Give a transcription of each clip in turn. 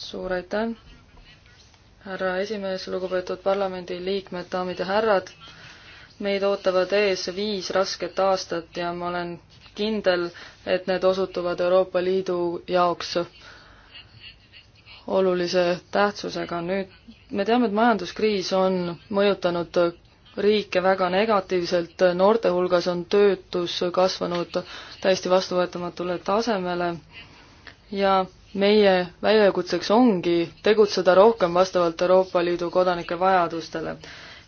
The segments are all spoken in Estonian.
suur aitäh, härra esimees, lugupeetud parlamendiliikmed, daamid ja härrad. meid ootavad ees viis rasket aastat ja ma olen kindel, et need osutuvad Euroopa Liidu jaoks olulise tähtsusega. nüüd me teame, et majanduskriis on mõjutanud riike väga negatiivselt, noorte hulgas on töötus kasvanud täiesti vastuvõetamatule tasemele ja meie väljakutseks ongi tegutseda rohkem vastavalt Euroopa Liidu kodanike vajadustele.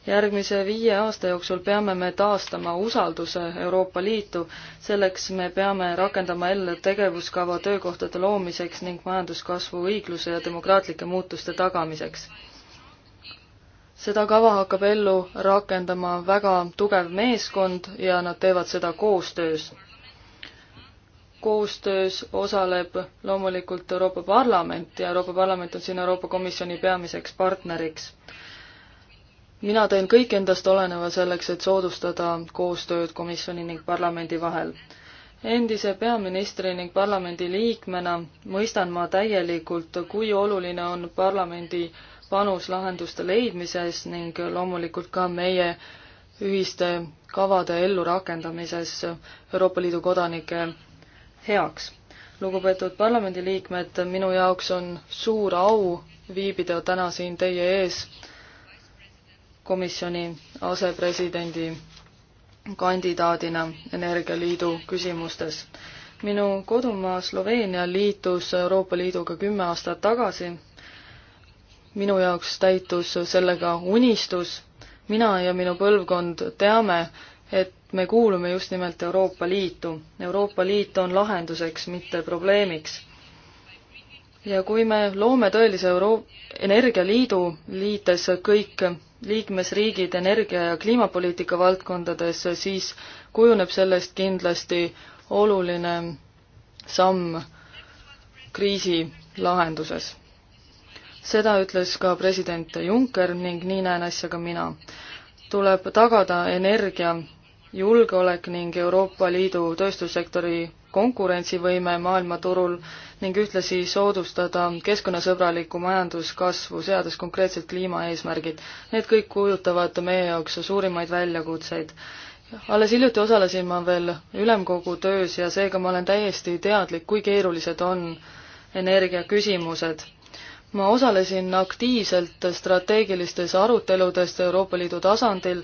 järgmise viie aasta jooksul peame me taastama usalduse Euroopa Liitu, selleks me peame rakendama jälle tegevuskava töökohtade loomiseks ning majanduskasvu õigluse ja demokraatlike muutuste tagamiseks. seda kava hakkab ellu rakendama väga tugev meeskond ja nad teevad seda koostöös koostöös osaleb loomulikult Euroopa Parlament ja Euroopa Parlament on siin Euroopa Komisjoni peamiseks partneriks. mina teen kõik endast oleneva selleks, et soodustada koostööd komisjoni ning parlamendi vahel. endise peaministri ning parlamendi liikmena mõistan ma täielikult, kui oluline on parlamendi panus lahenduste leidmises ning loomulikult ka meie ühiste kavade ellurakendamises Euroopa Liidu kodanike heaks. lugupeetud parlamendiliikmed, minu jaoks on suur au viibida täna siin teie ees komisjoni asepresidendi kandidaadina Energialiidu küsimustes. minu kodumaa Sloveenia liitus Euroopa Liiduga kümme aastat tagasi. minu jaoks täitus sellega unistus. mina ja minu põlvkond teame, et me kuulume just nimelt Euroopa Liitu. Euroopa Liit on lahenduseks, mitte probleemiks. ja kui me loome tõelise Euro-, energialiidu, liites kõik liikmesriigid energia- ja kliimapoliitika valdkondades, siis kujuneb sellest kindlasti oluline samm kriisi lahenduses. seda ütles ka president Juncker ning nii näen asja ka mina. tuleb tagada energia julgeolek ning Euroopa Liidu tööstussektori konkurentsivõime maailmaturul ning ühtlasi soodustada keskkonnasõbralikku majanduskasvu, seades konkreetsed kliimaeesmärgid. Need kõik kujutavad meie jaoks suurimaid väljakutseid. alles hiljuti osalesin ma veel ülemkogu töös ja seega ma olen täiesti teadlik, kui keerulised on energiaküsimused ma osalesin aktiivselt strateegilistes aruteludest Euroopa Liidu tasandil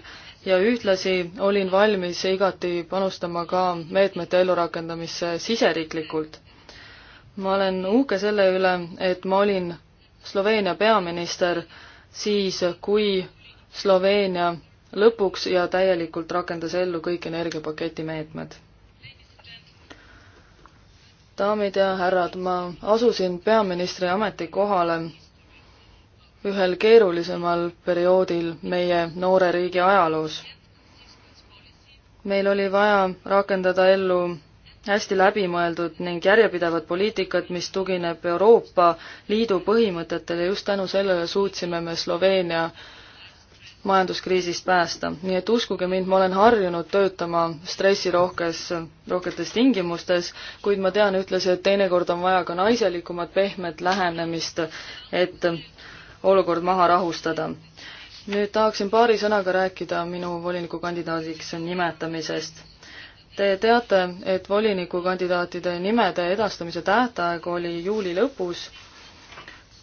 ja ühtlasi olin valmis igati panustama ka meetmete ellurakendamisse siseriiklikult. ma olen uhke selle üle, et ma olin Sloveenia peaminister siis, kui Sloveenia lõpuks ja täielikult rakendas ellu kõik energiapaketi meetmed daamid ja härrad, ma asusin peaministri ametikohale ühel keerulisemal perioodil meie noore riigi ajaloos. meil oli vaja rakendada ellu hästi läbimõeldud ning järjepidevat poliitikat, mis tugineb Euroopa Liidu põhimõtetele, just tänu sellele suutsime me Sloveenia majanduskriisist päästa. nii et uskuge mind, ma olen harjunud töötama stressirohkes, rohketes tingimustes, kuid ma tean ühtlasi, et teinekord on vaja ka naiselikumat, pehmet lähenemist, et olukord maha rahustada. nüüd tahaksin paari sõnaga rääkida minu volinikukandidaadiks nimetamisest. Te teate, et volinikukandidaatide nimede edastamise tähtaeg oli juuli lõpus,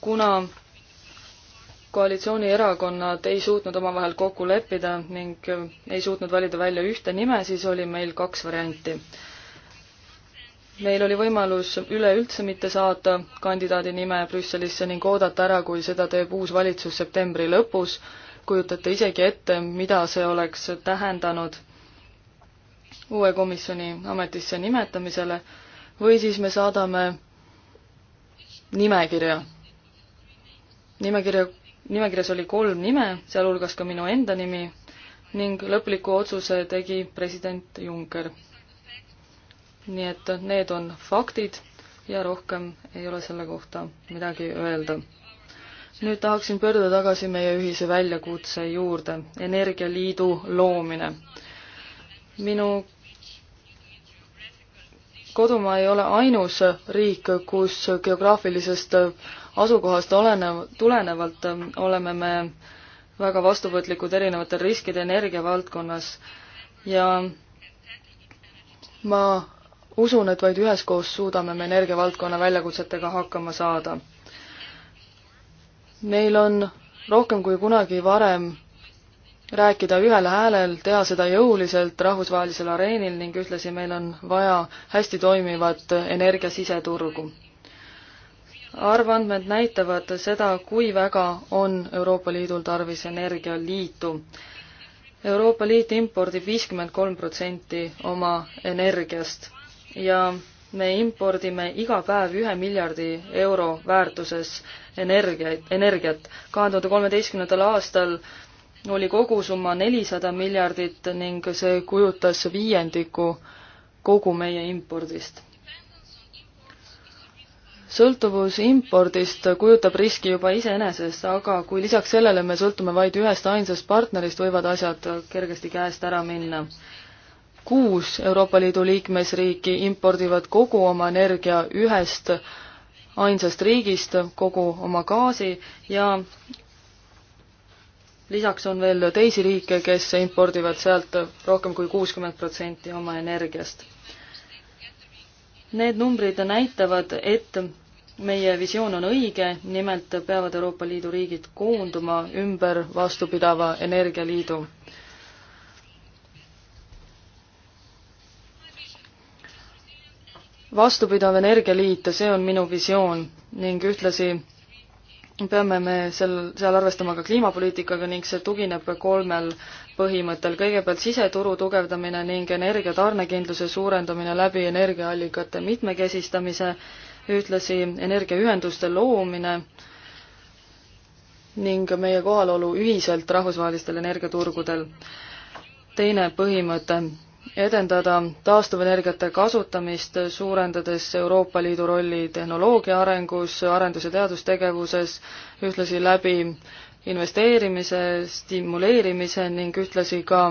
kuna koalitsioonierakonnad ei suutnud omavahel kokku leppida ning ei suutnud valida välja ühte nime, siis oli meil kaks varianti. meil oli võimalus üleüldse mitte saata kandidaadi nime Brüsselisse ning oodata ära, kui seda teeb uus valitsus septembri lõpus. kujutate isegi ette, mida see oleks tähendanud uue komisjoni ametisse nimetamisele või siis me saadame nimekirja nimekirja nimekirjas oli kolm nime, sealhulgas ka minu enda nimi ning lõpliku otsuse tegi president Juncker. nii et need on faktid ja rohkem ei ole selle kohta midagi öelda. nüüd tahaksin pöörduda tagasi meie ühise väljakutse juurde, Energialiidu loomine. minu kodumaa ei ole ainus riik, kus geograafilisest asukohast olenev, tulenevalt ähm, oleme me väga vastuvõtlikud erinevatel riskide energia valdkonnas ja ma usun, et vaid üheskoos suudame me energiavaldkonna väljakutsetega hakkama saada. meil on rohkem kui kunagi varem rääkida ühel häälel, teha seda jõuliselt rahvusvahelisel areenil ning ühtlasi meil on vaja hästi toimivat energiasiseturgu arvandmed näitavad seda, kui väga on Euroopa Liidul tarvis energialiitu. Euroopa Liit impordib viiskümmend kolm protsenti oma energiast ja me impordime iga päev ühe miljardi euro väärtuses energiaid, energiat. kahe tuhande kolmeteistkümnendal aastal oli kogusumma nelisada miljardit ning see kujutas viiendiku kogu meie impordist sõltuvus impordist kujutab riski juba iseenesest, aga kui lisaks sellele me sõltume vaid ühest ainsast partnerist, võivad asjad kergesti käest ära minna. kuus Euroopa Liidu liikmesriiki impordivad kogu oma energia ühest ainsast riigist, kogu oma gaasi ja lisaks on veel teisi riike, kes impordivad sealt rohkem kui kuuskümmend protsenti oma energiast. Need numbrid näitavad, et meie visioon on õige, nimelt peavad Euroopa Liidu riigid koonduma ümber vastupidava energialiidu. vastupidav energialiit, see on minu visioon ning ühtlasi peame me seal, seal arvestama ka kliimapoliitikaga ning see tugineb kolmel põhimõttel. kõigepealt siseturu tugevdamine ning energia tarnekindluse suurendamine läbi energiaallikate mitmekesistamise, ühtlasi energiaühenduste loomine ning meie kohalolu ühiselt rahvusvahelistel energiaturgudel. teine põhimõte, edendada taastuvenergiate kasutamist, suurendades Euroopa Liidu rolli tehnoloogia arengus, arendus- ja teadustegevuses, ühtlasi läbi investeerimise stimuleerimise ning ühtlasi ka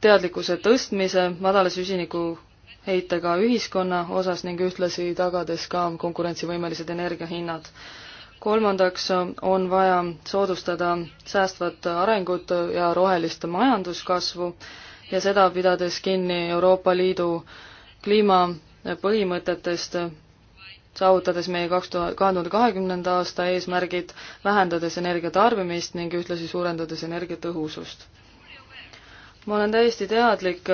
teadlikkuse tõstmise madala süsiniku heitega ühiskonna osas ning ühtlasi tagades ka konkurentsivõimelised energiahinnad. kolmandaks on vaja soodustada säästvat arengut ja rohelist majanduskasvu ja seda pidades kinni Euroopa Liidu kliimapõhimõtetest, saavutades meie kaks tuhat, kahe tuhande kahekümnenda aasta eesmärgid, vähendades energia tarbimist ning ühtlasi suurendades energiatõhusust. ma olen täiesti teadlik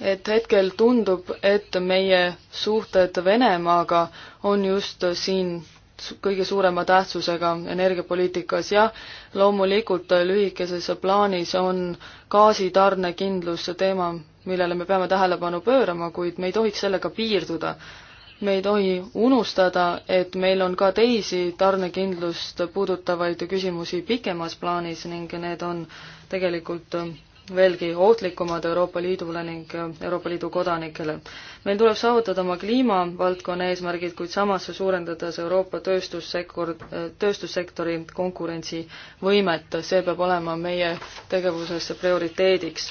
et hetkel tundub, et meie suhted Venemaaga on just siin kõige suurema tähtsusega energiapoliitikas, jah, loomulikult lühikeses plaanis on gaasitarnekindlus teema, millele me peame tähelepanu pöörama, kuid me ei tohiks sellega piirduda. me ei tohi unustada, et meil on ka teisi tarnekindlust puudutavaid küsimusi pikemas plaanis ning need on tegelikult veelgi ohtlikumad Euroopa Liidule ning Euroopa Liidu kodanikele. meil tuleb saavutada oma kliimavaldkonna eesmärgid, kuid samas suurendades Euroopa tööstussektor, tööstussektori konkurentsivõimet, see peab olema meie tegevuses prioriteediks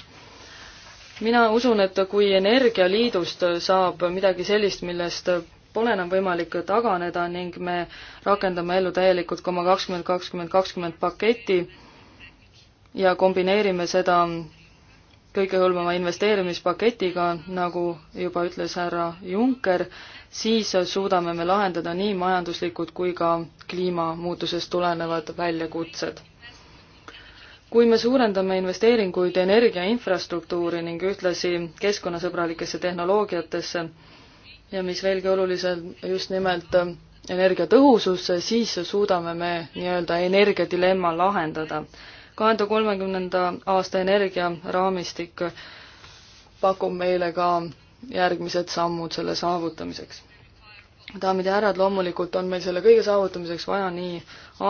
mina usun, et kui Energialiidust saab midagi sellist, millest pole enam võimalik taganeda ning me rakendame ellu täielikult koma kakskümmend kakskümmend kakskümmend paketti, ja kombineerime seda kõikehõlmava investeerimispaketiga, nagu juba ütles härra Juncker, siis suudame me lahendada nii majanduslikud kui ka kliimamuutusest tulenevad väljakutsed. kui me suurendame investeeringuid energia infrastruktuuri ning ühtlasi keskkonnasõbralikesse tehnoloogiatesse ja mis veelgi olulisem, just nimelt energiatõhususse, siis suudame me nii-öelda energiadilemma lahendada kahe tuhande kolmekümnenda aasta energiaraamistik pakub meile ka järgmised sammud selle saavutamiseks. daamid ja härrad, loomulikult on meil selle kõige saavutamiseks vaja nii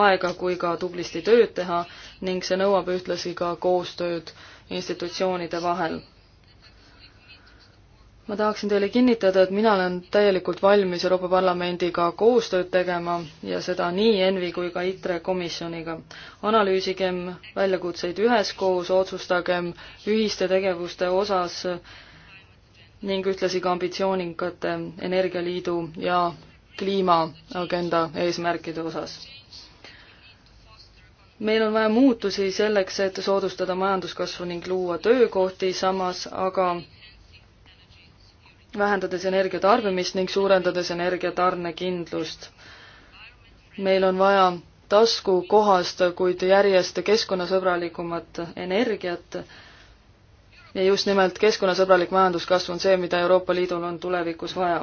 aega kui ka tublisti tööd teha ning see nõuab ühtlasi ka koostööd institutsioonide vahel ma tahaksin teile kinnitada, et mina olen täielikult valmis Euroopa Parlamendiga koostööd tegema ja seda nii ENVI kui ka ITRE komisjoniga. analüüsigem väljakutseid üheskoos, otsustagem ühiste tegevuste osas ning ühtlasi ka ambitsioonikate Energialiidu ja kliimaagenda eesmärkide osas. meil on vaja muutusi selleks, et soodustada majanduskasvu ning luua töökohti, samas aga vähendades energiatarbimist ning suurendades energiatarnekindlust. meil on vaja taskukohast, kuid järjest keskkonnasõbralikumat energiat ja just nimelt keskkonnasõbralik majanduskasv on see, mida Euroopa Liidul on tulevikus vaja.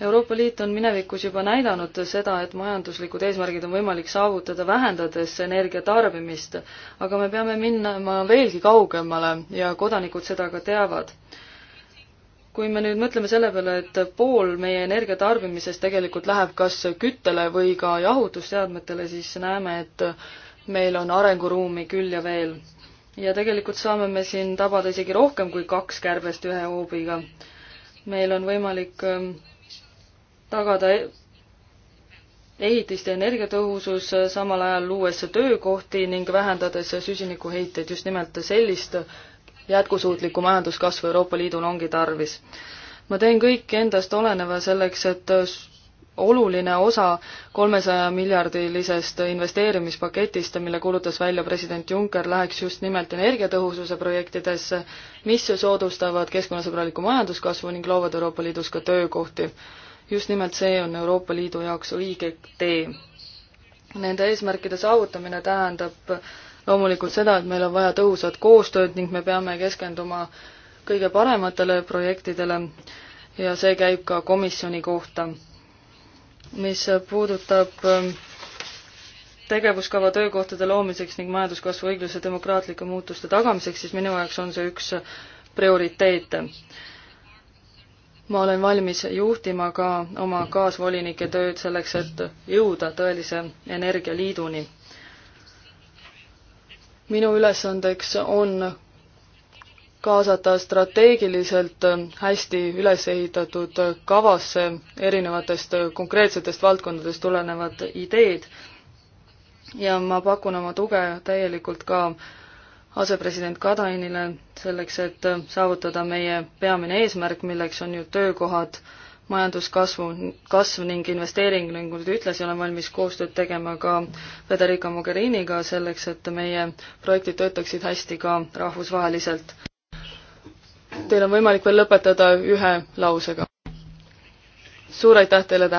Euroopa Liit on minevikus juba näidanud seda, et majanduslikud eesmärgid on võimalik saavutada, vähendades energia tarbimist, aga me peame minema veelgi kaugemale ja kodanikud seda ka teavad kui me nüüd mõtleme selle peale, et pool meie energiatarbimisest tegelikult läheb kas küttele või ka jahutusseadmetele, siis näeme, et meil on arenguruumi küll ja veel. ja tegelikult saame me siin tabada isegi rohkem kui kaks kärbest ühe hoobiga. meil on võimalik ähm, tagada e-, ehitiste energiatõhusus, äh, samal ajal luues töökohti ning vähendades süsinikuheiteid, just nimelt sellist jätkusuutlikku majanduskasvu Euroopa Liidul ongi tarvis. ma teen kõik endast oleneva selleks, et oluline osa kolmesaja miljardilisest investeerimispaketist, mille kuulutas välja president Juncker, läheks just nimelt energiatõhususe projektidesse, mis soodustavad keskkonnasõbralikku majanduskasvu ning loovad Euroopa Liidus ka töökohti. just nimelt see on Euroopa Liidu jaoks õige tee. Nende eesmärkide saavutamine tähendab loomulikult seda, et meil on vaja tõhusat koostööd ning me peame keskenduma kõige parematele projektidele ja see käib ka komisjoni kohta. mis puudutab ähm, tegevuskava töökohtade loomiseks ning majanduskasvu õigluse demokraatlike muutuste tagamiseks, siis minu jaoks on see üks prioriteete. ma olen valmis juhtima ka oma kaasvolinike tööd selleks, et jõuda tõelise energialiiduni minu ülesandeks on kaasata strateegiliselt hästi üles ehitatud kavasse erinevatest konkreetsetest valdkondadest tulenevad ideed. ja ma pakun oma tuge täielikult ka asepresident Katainile selleks, et saavutada meie peamine eesmärk, milleks on ju töökohad äh, majanduskasvu, kasv ning investeering, nagu ta ütles, ja olen valmis koostööd tegema ka Federica Mogheriniga selleks, et meie projektid töötaksid hästi ka rahvusvaheliselt. Teil on võimalik veel lõpetada ühe lausega. suur aitäh teile tähelepanu!